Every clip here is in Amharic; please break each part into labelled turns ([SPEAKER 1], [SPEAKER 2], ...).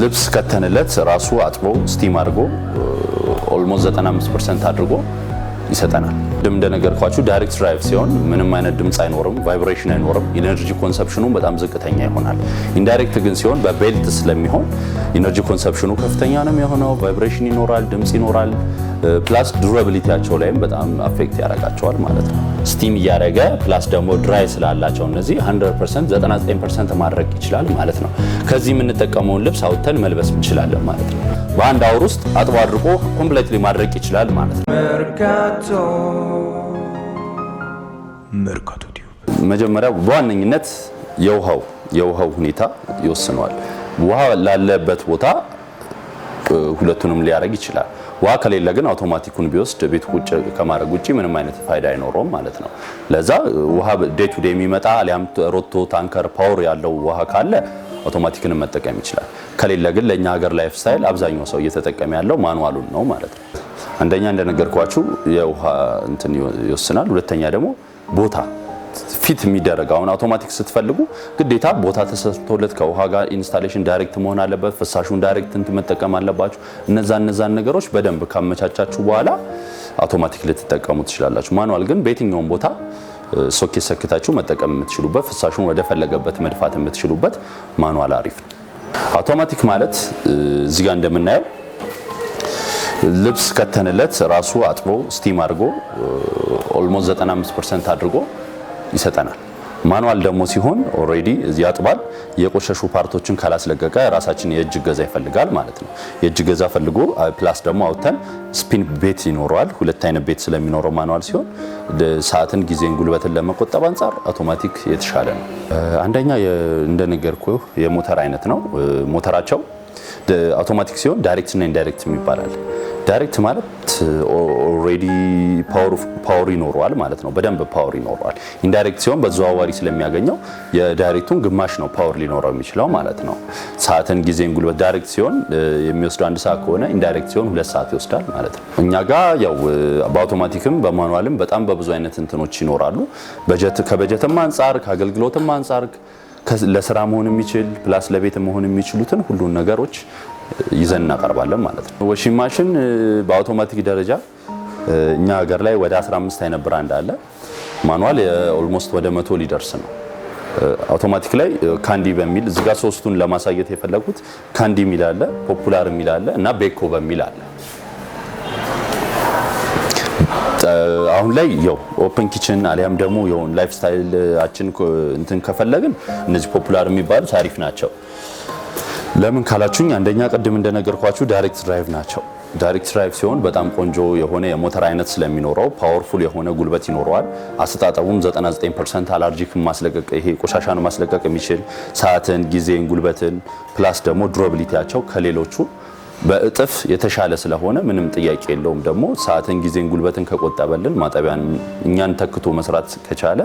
[SPEAKER 1] ልብስ ከተንለት ራሱ አጥቦ ስቲም አድርጎ ኦልሞስት 95 ፐርሰንት አድርጎ ይሰጠናል። ድም እንደነገርኳችሁ ዳይሬክት ድራይቭ ሲሆን ምንም አይነት ድምፅ አይኖርም፣ ቫይብሬሽን አይኖርም፣ ኢነርጂ ኮንሰፕሽኑ በጣም ዝቅተኛ ይሆናል። ኢንዳይሬክት ግን ሲሆን በቤልት ስለሚሆን ኢነርጂ ኮንሰፕሽኑ ከፍተኛ ነው የሚሆነው፣ ቫይብሬሽን ይኖራል፣ ድምፅ ይኖራል። ፕላስ ዱራብሊቲያቸው ላይም በጣም አፌክት ያደርጋቸዋል ማለት ነው። ስቲም እያደረገ ፕላስ ደግሞ ድራይ ስላላቸው እነዚህ 100 99 ማድረግ ይችላል ማለት ነው። ከዚህ የምንጠቀመውን ልብስ አውጥተን መልበስ እንችላለን ማለት ነው። በአንድ አውር ውስጥ አጥቦ አድርቆ ኮምፕሌትሊ ማድረግ ይችላል ማለት ነው። መርካቶ መጀመሪያ በዋነኝነት የውሃው የውሃው ሁኔታ ይወስነዋል። ውሃ ላለበት ቦታ ሁለቱንም ሊያደርግ ይችላል። ውሃ ከሌለ ግን አውቶማቲኩን ቢወስድ ቤት ቁጭ ከማድረግ ውጭ ምንም አይነት ፋይዳ አይኖረውም ማለት ነው። ለዛ ውሃ ዴይ ቱ ዴይ የሚመጣ አሊያም ሮቶ፣ ታንከር፣ ፓወር ያለው ውሃ ካለ አውቶማቲክንም መጠቀም ይችላል። ከሌለ ግን ለእኛ ሀገር ላይፍ ስታይል አብዛኛው ሰው እየተጠቀመ ያለው ማኑዋሉን ነው ማለት ነው። አንደኛ እንደነገርኳችሁ የውሃ እንትን ይወስናል። ሁለተኛ ደግሞ ቦታ ፊት የሚደረግ አሁን አውቶማቲክ ስትፈልጉ ግዴታ ቦታ ተሰርቶለት ከውሃ ጋር ኢንስታሌሽን ዳይሬክት መሆን አለበት። ፍሳሹን ዳይሬክት እንትን መጠቀም አለባችሁ። እነዛ እነዛን ነገሮች በደንብ ካመቻቻችሁ በኋላ አውቶማቲክ ልትጠቀሙ ትችላላችሁ። ማኑዋል ግን በየትኛውም ቦታ ሶኬት ሰክታችሁ መጠቀም የምትችሉበት፣ ፍሳሹን ወደፈለገበት መድፋት የምትችሉበት ማኑዋል አሪፍ ነው። አውቶማቲክ ማለት እዚህ ጋር እንደምናየው ልብስ ከተንለት ራሱ አጥቦ ስቲም አድርጎ ኦልሞስት 95 ፐርሰንት አድርጎ ይሰጠናል። ማኑዋል ደግሞ ሲሆን ኦልሬዲ ያጥባል። የቆሸሹ ፓርቶችን ካላስለቀቀ ራሳችን የእጅ ገዛ ይፈልጋል ማለት ነው። የእጅ ገዛ ፈልጎ ፕላስ ደግሞ አውጥተን ስፒን ቤት ይኖረዋል። ሁለት አይነት ቤት ስለሚኖረው ማኑዋል ሲሆን ሰዓትን፣ ጊዜን፣ ጉልበትን ለመቆጠብ አንጻር አውቶማቲክ የተሻለ ነው። አንደኛ እንደነገርኩ የሞተር አይነት ነው። ሞተራቸው አውቶማቲክ ሲሆን ዳይሬክት እና ኢንዳይሬክት ይባላል። ዳይሬክት ማለት ኦልሬዲ ፓወር ይኖረዋል ማለት ነው። በደንብ ፓወር ይኖረዋል። ኢንዳይሬክት ሲሆን በተዘዋዋሪ ስለሚያገኘው የዳይሬክቱን ግማሽ ነው ፓወር ሊኖረው የሚችለው ማለት ነው። ሰዓትን፣ ጊዜን፣ ጉልበት ዳይሬክት ሲሆን የሚወስደው አንድ ሰዓት ከሆነ ኢንዳይሬክት ሲሆን ሁለት ሰዓት ይወስዳል ማለት ነው። እኛ ጋር ያው በአውቶማቲክም በማኑዋልም በጣም በብዙ አይነት እንትኖች ይኖራሉ። ከበጀትም አንጻር ከአገልግሎትም አንጻር ለስራ መሆን የሚችል ፕላስ ለቤት መሆን የሚችሉትን ሁሉን ነገሮች ይዘን እናቀርባለን ማለት ነው። ወሺንግ ማሽን በአውቶማቲክ ደረጃ እኛ ሀገር ላይ ወደ 15 አይነት ብራንድ አለ። ማኑዋል ኦልሞስት ወደ መቶ ሊደርስ ነው። አውቶማቲክ ላይ ካንዲ በሚል ጋር ሶስቱን ለማሳየት የፈለጉት ካንዲ የሚል አለ፣ ፖፑላር የሚል አለ እና ቤኮ በሚል አለ። አሁን ላይ ያው ኦፕን ኪችን አሊያም ደግሞ ላይፍ ላይፍ አችን እንትን ከፈለግን እነዚህ ፖፑላር የሚባሉት አሪፍ ናቸው። ለምን ካላችሁኝ አንደኛ ቅድም እንደነገርኳችሁ ዳይሬክት ድራይቭ ናቸው። ዳይሬክት ድራይቭ ሲሆን በጣም ቆንጆ የሆነ የሞተር አይነት ስለሚኖረው ፓወርፉል የሆነ ጉልበት ይኖረዋል። አሰጣጠቡም 99% አላርጂክ ማስለቀቅ ይሄ ቆሻሻን ማስለቀቅ የሚችል ሰዓትን፣ ጊዜን፣ ጉልበትን ፕላስ ደግሞ ዱራቢሊቲያቸው ከሌሎቹ በእጥፍ የተሻለ ስለሆነ ምንም ጥያቄ የለውም። ደግሞ ሰዓትን፣ ጊዜን፣ ጉልበትን ከቆጠበልን ማጠቢያን እኛን ተክቶ መስራት ከቻለ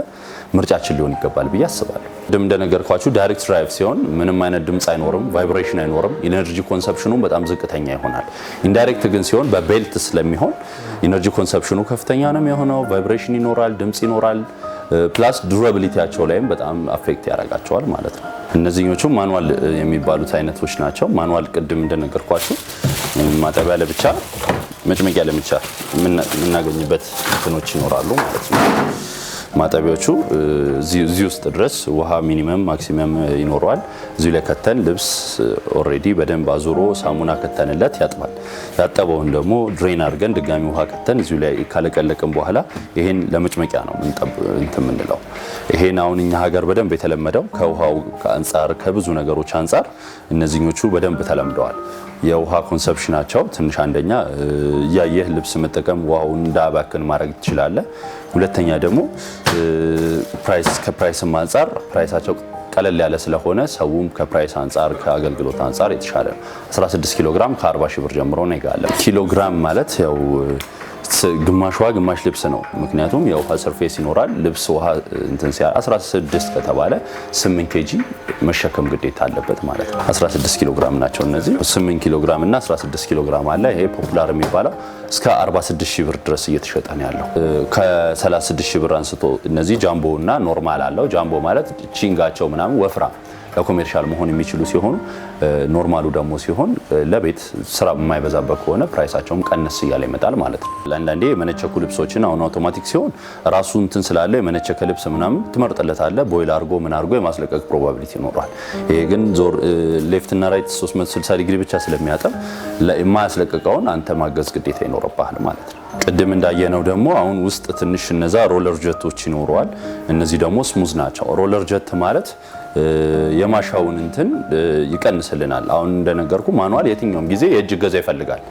[SPEAKER 1] ምርጫችን ሊሆን ይገባል ብዬ አስባለሁ። ድም እንደነገርኳችሁ ዳይሬክት ድራይቭ ሲሆን ምንም አይነት ድምፅ አይኖርም፣ ቫይብሬሽን አይኖርም፣ ኢነርጂ ኮንሰፕሽኑ በጣም ዝቅተኛ ይሆናል። ኢንዳይሬክት ግን ሲሆን በቤልት ስለሚሆን ኢነርጂ ኮንሰፕሽኑ ከፍተኛ ነው የሆነው። ቫይብሬሽን ይኖራል፣ ድምፅ ይኖራል። ፕላስ ዱራብሊቲያቸው ላይም በጣም አፌክት ያደርጋቸዋል ማለት ነው። እነዚህኞቹም ማንዋል የሚባሉት አይነቶች ናቸው። ማኑዋል ቅድም እንደነገርኳችሁ ማጠቢያ ለብቻ መጭመቂያ ለብቻ የምናገኝበት እንትኖች ይኖራሉ ማለት ነው። ማጠቢያዎቹ እዚህ ውስጥ ድረስ ውሃ ሚኒመም ማክሲመም ይኖረዋል። እዚሁ ላይ ከተን ልብስ ኦልሬዲ በደንብ አዙሮ ሳሙና ከተንለት ያጥባል። ያጠበውን ደግሞ ድሬን አድርገን ድጋሚ ውሃ ከተን እዚሁ ላይ ካለቀለቅን በኋላ ይሄን ለመጭመቂያ ነው እንትን የምንለው። ይሄን አሁን እኛ ሀገር በደንብ የተለመደው ከውሃው አንጻር ከብዙ ነገሮች አንጻር እነዚህኞቹ በደንብ ተለምደዋል። የውሃ ኮንሰፕሽን ናቸው ትንሽ አንደኛ እያየህ ልብስ መጠቀም ውሃውን እንዳባክን ማድረግ ትችላለህ። ሁለተኛ ደግሞ ፕራይስ ከፕራይስም አንጻር ፕራይሳቸው ቀለል ያለ ስለሆነ ሰውም ከፕራይስ አንጻር ከአገልግሎት አንጻር የተሻለ ነው። 16 ኪሎ ግራም ከ40 ሺህ ብር ጀምሮ ነው ይጋለ ኪሎ ግራም ማለት ያው ግማሽ ውሃ ግማሽ ልብስ ነው። ምክንያቱም የውሃ ሰርፌስ ይኖራል። ልብስ ውሃ እንትን ሲያ 16 ከተባለ 8 ኬጂ መሸከም ግዴታ አለበት ማለት ነው። 16 ኪሎ ግራም ናቸው እነዚህ። 8 ኪሎ ግራም እና 16 ኪሎ ግራም አለ። ይሄ ፖፑላር የሚባለው እስከ 46 ሺህ ብር ድረስ እየተሸጠ ነው ያለው። ከ36 ሺህ ብር አንስቶ እነዚህ ጃምቦ እና ኖርማል አለው። ጃምቦ ማለት ቺንጋቸው ምናምን ወፍራም ለኮሜርሻል መሆን የሚችሉ ሲሆኑ ኖርማሉ ደግሞ ሲሆን ለቤት ስራ የማይበዛበት ከሆነ ፕራይሳቸውም ቀነስ እያለ ይመጣል ማለት ነው። አንዳንዴ የመነቸኩ ልብሶችን አሁን አውቶማቲክ ሲሆን ራሱ እንትን ስላለው የመነቸከ ልብስ ምናምን ትመርጥለታለ ቦይል አርጎ ምን አርጎ የማስለቀቅ ፕሮባቢሊቲ ይኖረዋል። ይሄ ግን ዞር ሌፍትና ራይት 360 ዲግሪ ብቻ ስለሚያጠብ የማያስለቅቀውን አንተ ማገዝ ግዴታ ይኖርብሃል ማለት ነው። ቅድም እንዳየነው ደግሞ አሁን ውስጥ ትንሽ እነዛ ሮለር ጀቶች ይኖረዋል። እነዚህ ደግሞ ስሙዝ ናቸው። ሮለር ጀት ማለት የማሻውን እንትን ይቀንስልናል። አሁን እንደነገርኩ ማኑዋል የትኛውም ጊዜ የእጅ እገዛ ይፈልጋል።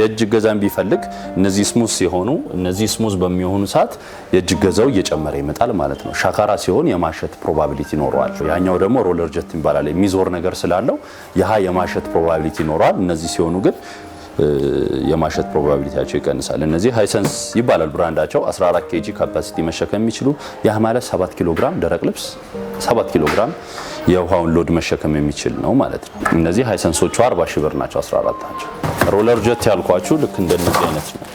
[SPEAKER 1] የእጅ እገዛን ቢፈልግ እነዚህ ስሙዝ ሲሆኑ እነዚህ ስሙዝ በሚሆኑ ሰዓት የእጅ እገዛው እየጨመረ ይመጣል ማለት ነው። ሻካራ ሲሆን የማሸት ፕሮባቢሊቲ ይኖረዋል። ያኛው ደግሞ ሮለር ጀት ይባላል። የሚዞር ነገር ስላለው ያሀ የማሸት ፕሮባቢሊቲ ይኖረዋል። እነዚህ ሲሆኑ ግን የማሸት ፕሮባቢሊቲያቸው ይቀንሳል። እነዚህ ሃይሰንስ ይባላል ብራንዳቸው 14 ኬጂ ካፓሲቲ መሸከም የሚችሉ ያ ማለት 7 ኪሎ ግራም ደረቅ ልብስ 7 ኪሎ ግራም የውሃውን ሎድ መሸከም የሚችል ነው ማለት ነው። እነዚህ ሃይሰንሶቹ 40 ሺህ ብር ናቸው፣ 14 ናቸው። ሮለር ጀት ያልኳችሁ ልክ እንደነዚህ አይነት ነው።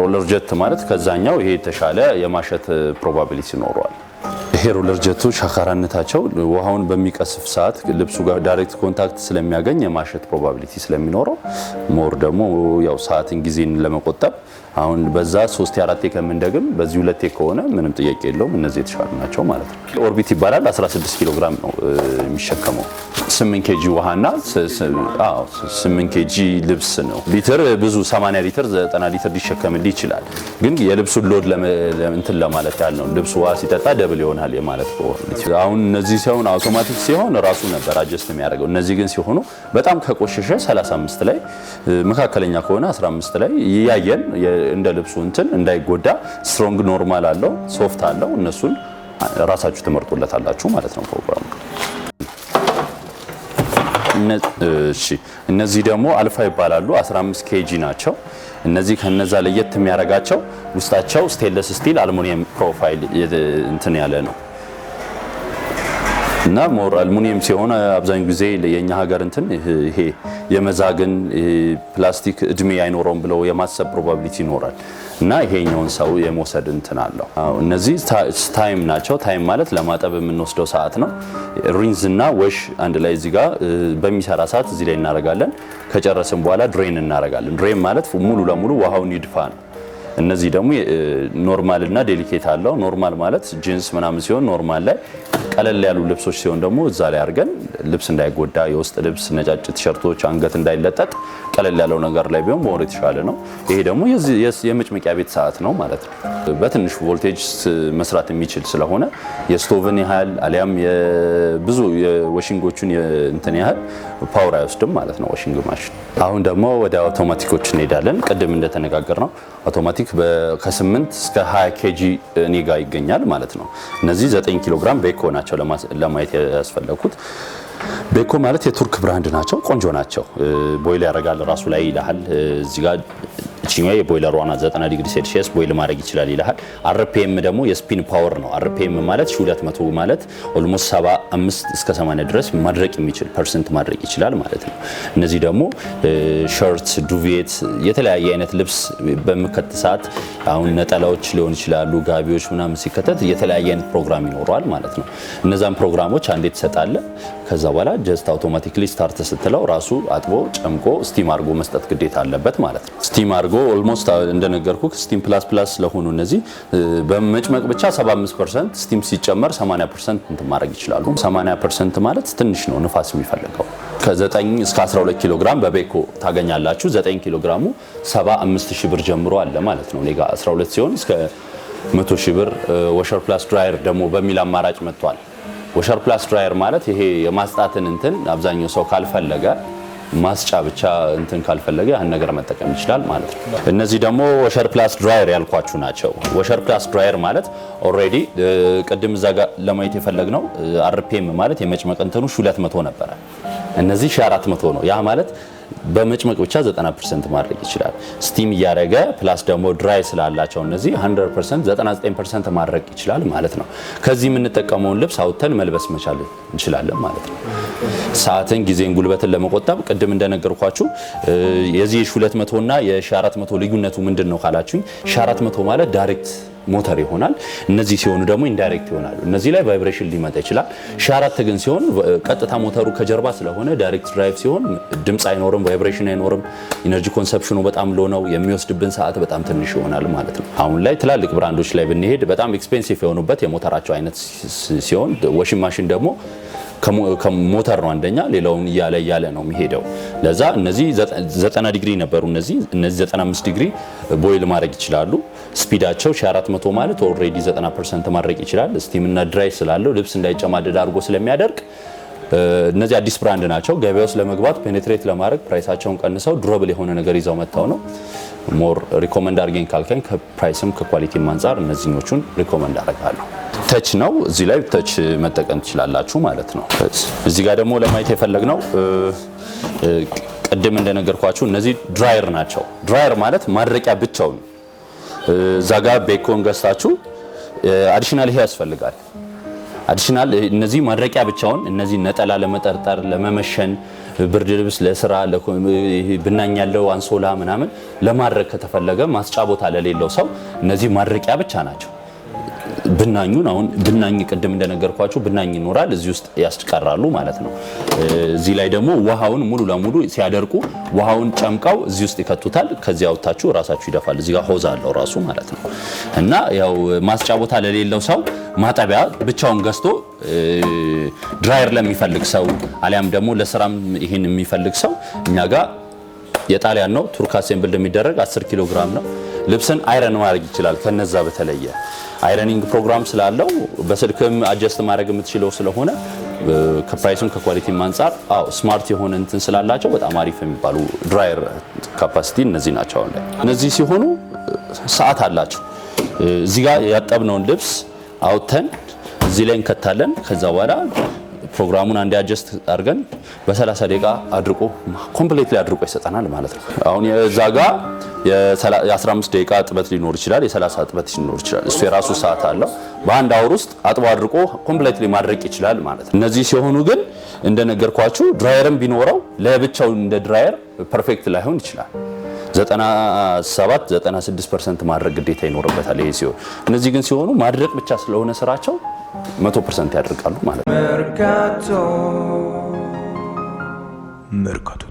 [SPEAKER 1] ሮለር ጀት ማለት ከዛኛው ይሄ የተሻለ የማሸት ፕሮባቢሊቲ ይኖረዋል። ሄሮ ለርጀቱ ሻካራነታቸው ውሃውን በሚቀስፍ ሰዓት ልብሱ ጋር ዳይሬክት ኮንታክት ስለሚያገኝ የማሸት ፕሮባቢሊቲ ስለሚኖረው ሞር ደግሞ ያው ሰዓትን ጊዜን ለመቆጠብ አሁን በዛ ሶስት አራቴ ከምንደግም በዚህ ሁለቴ ከሆነ ምንም ጥያቄ የለውም። እነዚህ የተሻሉ ናቸው ማለት ነው። ኦርቢት ይባላል። 16 ኪሎ ግራም ነው የሚሸከመው። 8 ኬጂ ውሃና 8 ኬጂ ልብስ ነው። ሊትር ብዙ 80 ሊትር 90 ሊትር ሊሸከምልህ ይችላል። ግን የልብሱን ሎድ እንትን ለማለት ያህል ነው። ልብሱ ውሃ ሲጠጣ ደብል የሆነ ይሆናል የማለት ከሆነ አሁን እነዚህ ሲሆን አውቶማቲክ ሲሆን ራሱ ነበር አጀስት የሚያደርገው። እነዚህ ግን ሲሆኑ በጣም ከቆሸሸ 35 ላይ መካከለኛ ከሆነ 15 ላይ እያየን እንደ ልብሱ እንትን እንዳይጎዳ ስትሮንግ ኖርማል አለው ሶፍት አለው እነሱን ራሳችሁ ትመርጡለታላችሁ ማለት ነው ፕሮግራሙ። እነዚህ ደግሞ አልፋ ይባላሉ። 15 ኬጂ ናቸው። እነዚህ ከነዛ ለየት የሚያደርጋቸው ውስጣቸው ስቴንለስ ስቲል አልሙኒየም ፕሮፋይል እንትን ያለ ነው እና ሞር አልሙኒየም ሲሆን አብዛኛው ጊዜ የኛ ሀገር እንትን ይሄ የመዛግን ፕላስቲክ እድሜ አይኖረውም ብለው የማሰብ ፕሮባቢሊቲ ይኖራል። እና ይሄኛውን ሰው የመውሰድ እንትን አለው። እነዚህ ታይም ናቸው። ታይም ማለት ለማጠብ የምንወስደው ሰዓት ነው። ሪንዝ እና ወሽ አንድ ላይ እዚህ ጋር በሚሰራ ሰዓት እዚህ ላይ እናደርጋለን። ከጨረስን በኋላ ድሬን እናደርጋለን። ድሬን ማለት ሙሉ ለሙሉ ውሃውን ይድፋ ነው። እነዚህ ደግሞ ኖርማል እና ዴሊኬት አለው። ኖርማል ማለት ጂንስ ምናምን ሲሆን ኖርማል ላይ ቀለል ያሉ ልብሶች ሲሆን ደግሞ እዛ ላይ አድርገን ልብስ እንዳይጎዳ የውስጥ ልብስ ነጫጭ ቲሸርቶች አንገት እንዳይለጠጥ ቀለል ያለው ነገር ላይ ቢሆን በወር የተሻለ ነው። ይሄ ደግሞ የመጭመቂያ ቤት ሰዓት ነው ማለት ነው። በትንሽ ቮልቴጅ መስራት የሚችል ስለሆነ የስቶቭን ያህል አሊያም ብዙ የወሽንጎቹን እንትን ያህል ፓወር አይወስድም ማለት ነው ዋሽንግ ማሽን። አሁን ደግሞ ወደ አውቶማቲኮች እንሄዳለን። ቅድም እንደተነጋገር ነው አውቶማቲክ ከ8 እስከ 20 ኬጂ እኔ ጋር ይገኛል ማለት ነው። እነዚህ 9 ኪሎ ግራም ቤኮ ናቸው ለማየት ያስፈለግኩት ቤኮ ማለት የቱርክ ብራንድ ናቸው። ቆንጆ ናቸው። ቦይል ያደርጋል ራሱ ላይ ይልሃል። እዚህ ጋር እችኛዋ የቦይለሯ ናት 90 ዲግሪ ሴልሺየስ ቦይል ማድረግ ይችላል ይልሃል። አርፒኤም ደግሞ የስፒን ፓወር ነው። አርፒኤም ማለት 200 ማለት ኦልሞስት 75 እስከ 80 ድረስ ማድረቅ የሚችል ፐርሰንት ማድረቅ ይችላል ማለት ነው። እነዚህ ደግሞ ሸርት፣ ዱቬት የተለያየ አይነት ልብስ በምከት ሰዓት አሁን ነጠላዎች ሊሆን ይችላሉ ጋቢዎች ምናምን ሲከተት የተለያየ አይነት ፕሮግራም ይኖረዋል ማለት ነው። እነዛን ፕሮግራሞች አንዴ ትሰጣለ። ከዛ በኋላ ጀስት አውቶማቲክሊ ስታርት ስትለው ራሱ አጥቦ ጨምቆ ስቲም አርጎ መስጠት ግዴታ አለበት ማለት ነው። ስቲም አርጎ ኦልሞስት እንደነገርኩ ስቲም ፕላስ ፕላስ ስለሆኑ እነዚህ በመጭመቅ ብቻ 75 ስቲም ሲጨመር 80 እንትን ማድረግ ይችላሉ። 80 ማለት ትንሽ ነው ንፋስ የሚፈልገው ከ9 እስከ 12 ኪሎ ግራም በቤኮ ታገኛላችሁ። 9 ኪሎ ግራሙ 75000 ብር ጀምሮ አለ ማለት ነው። ኔጋ 12 ሲሆን እስከ 100000 ብር። ወሸር ፕላስ ድራየር ደግሞ በሚል አማራጭ መጥቷል። ወሸር ፕላስ ድራየር ማለት ይሄ የማስጣትን እንትን አብዛኛው ሰው ካልፈለገ ማስጫ ብቻ እንትን ካልፈለገ ያን ነገር መጠቀም ይችላል ማለት ነው። እነዚህ ደግሞ ወሸር ፕላስ ድራየር ያልኳችሁ ናቸው። ወሸር ፕላስ ድራየር ማለት ኦልሬዲ ቅድም እዛ ጋር ለማየት የፈለግነው አርፒኤም ማለት የመጭመቅ እንትኑ 200 ነበረ። እነዚህ 400 ነው። ያ ማለት በመጭመቅ ብቻ 90 ፐርሰንት ማድረግ ይችላል። ስቲም እያደረገ ፕላስ ደግሞ ድራይ ስላላቸው እነዚህ 100 ፐርሰንት 99 ፐርሰንት ማድረግ ይችላል ማለት ነው። ከዚህ የምንጠቀመውን ልብስ አውጥተን መልበስ መቻል እንችላለን ማለት ነው። ሰዓትን፣ ጊዜን፣ ጉልበትን ለመቆጠብ ቅድም እንደነገርኳችሁ የዚህ የ200 እና የ400 ልዩነቱ ምንድን ነው ካላችሁኝ 400 ማለት ዳይሬክት ሞተር ይሆናል። እነዚህ ሲሆኑ ደግሞ ኢንዳይሬክት ይሆናሉ። እነዚህ ላይ ቫይብሬሽን ሊመጣ ይችላል። ሺህ አራት ግን ሲሆን ቀጥታ ሞተሩ ከጀርባ ስለሆነ ዳይሬክት ድራይቭ ሲሆን ድምፅ አይኖርም፣ ቫይብሬሽን አይኖርም። ኢነርጂ ኮንሰፕሽኑ በጣም ሎ ነው። የሚወስድብን ሰዓት በጣም ትንሽ ይሆናል ማለት ነው። አሁን ላይ ትላልቅ ብራንዶች ላይ ብንሄድ በጣም ኤክስፔንሲቭ የሆኑበት የሞተራቸው አይነት ሲሆን ዋሽንግ ማሽን ደግሞ ሞተር ነው አንደኛ፣ ሌላውን እያለ እያለ ነው የሚሄደው። ለዛ እነዚህ 90 ዲግሪ ነበሩ፣ እነዚህ 95 ዲግሪ ቦይል ማድረግ ይችላሉ። ስፒዳቸው 400 ማለት ኦልሬዲ 90 ፐርሰንት ማድረቅ ይችላል። ስቲም ድራይ ስላለው ልብስ እንዳይጨማደድ አድርጎ ስለሚያደርግ እነዚህ አዲስ ብራንድ ናቸው። ገበያ ውስጥ ለመግባት ፔኔትሬት ለማድረግ ፕራይሳቸውን ቀንሰው ድሮብል የሆነ ነገር ይዘው መጥተው ነው። ሞር ሪኮመንድ አድርገኝ ካልከኝ ከፕራይስም ከኳሊቲም አንጻር እነዚህኞቹን ሪኮመንድ አደርጋለሁ። ተች ነው እዚህ ላይ ተች መጠቀም ትችላላችሁ ማለት ነው። እዚህ ጋር ደግሞ ለማየት ነው ቅድም እንደነገርኳችሁ እነዚህ ድራየር ናቸው። ድራየር ማለት ማድረቂያ ብቻውን እዛ ጋር ቤኮን ገዝታችሁ አዲሽናል ይሄ ያስፈልጋል። አዲሽናል እነዚህ ማድረቂያ ብቻውን እነዚህ ነጠላ ለመጠርጠር ለመመሸን ብርድ ልብስ ለስራ ብናኝ ያለው አንሶላ ምናምን ለማድረግ ከተፈለገ ማስጫ ቦታ ለሌለው ሰው እነዚህ ማድረቂያ ብቻ ናቸው። ብናኙን አሁን ብናኝ ቅድም እንደነገርኳችሁ ብናኝ ይኖራል እዚህ ውስጥ ያስቀራሉ ማለት ነው። እዚህ ላይ ደግሞ ውሃውን ሙሉ ለሙሉ ሲያደርቁ ውሃውን ጨምቀው እዚህ ውስጥ ይከቱታል። ከዚያ አውጥታችሁ ራሳችሁ ይደፋል። እዚህ ጋር ሆዝ አለው ራሱ ማለት ነው እና ያው ማስጫ ቦታ ለሌለው ሰው ማጠቢያ ብቻውን ገዝቶ ድራየር ለሚፈልግ ሰው አሊያም ደግሞ ለስራም ይህን የሚፈልግ ሰው እኛ ጋር የጣሊያን ነው ቱርክ አሴምብል የሚደረግ 10 ኪሎ ግራም ነው። ልብስን አይረን ማድረግ ይችላል። ከነዛ በተለየ አይረኒንግ ፕሮግራም ስላለው በስልክም አጀስት ማድረግ የምትችለው ስለሆነ ከፕራይሱም ከኳሊቲም አንጻር አዎ ስማርት የሆነ እንትን ስላላቸው በጣም አሪፍ የሚባሉ ድራየር ካፓሲቲ እነዚህ ናቸው። አሁን ላይ እነዚህ ሲሆኑ ሰዓት አላቸው። እዚህ ጋር ያጠብነውን ልብስ አውጥተን እዚህ ላይ እንከታለን። ከዛ በኋላ ፕሮግራሙን አንድ አጀስት አድርገን በ30 ደቂቃ አድርቆ ኮምፕሌትሊ አድርቆ ይሰጠናል ማለት ነው። አሁን የዛ ጋ የ15 ደቂቃ ጥበት ሊኖር ይችላል፣ የ30 እጥበት ሊኖር ይችላል። እሱ የራሱ ሰዓት አለው። በአንድ አውር ውስጥ አጥቦ አድርቆ ኮምፕሌትሊ ማድረቅ ይችላል ማለት ነው። እነዚህ ሲሆኑ ግን እንደነገርኳችሁ ድራየርም ቢኖረው ለብቻው እንደ ድራየር ፐርፌክት ላይሆን ይችላል። 97 96 ማድረግ ግዴታ ይኖርበታል። ይሄ ሲሆን እነዚህ ግን ሲሆኑ ማድረቅ ብቻ ስለሆነ ስራቸው መቶ ፐርሰንት ያደርጋሉ ማለት ነው። መርካቶ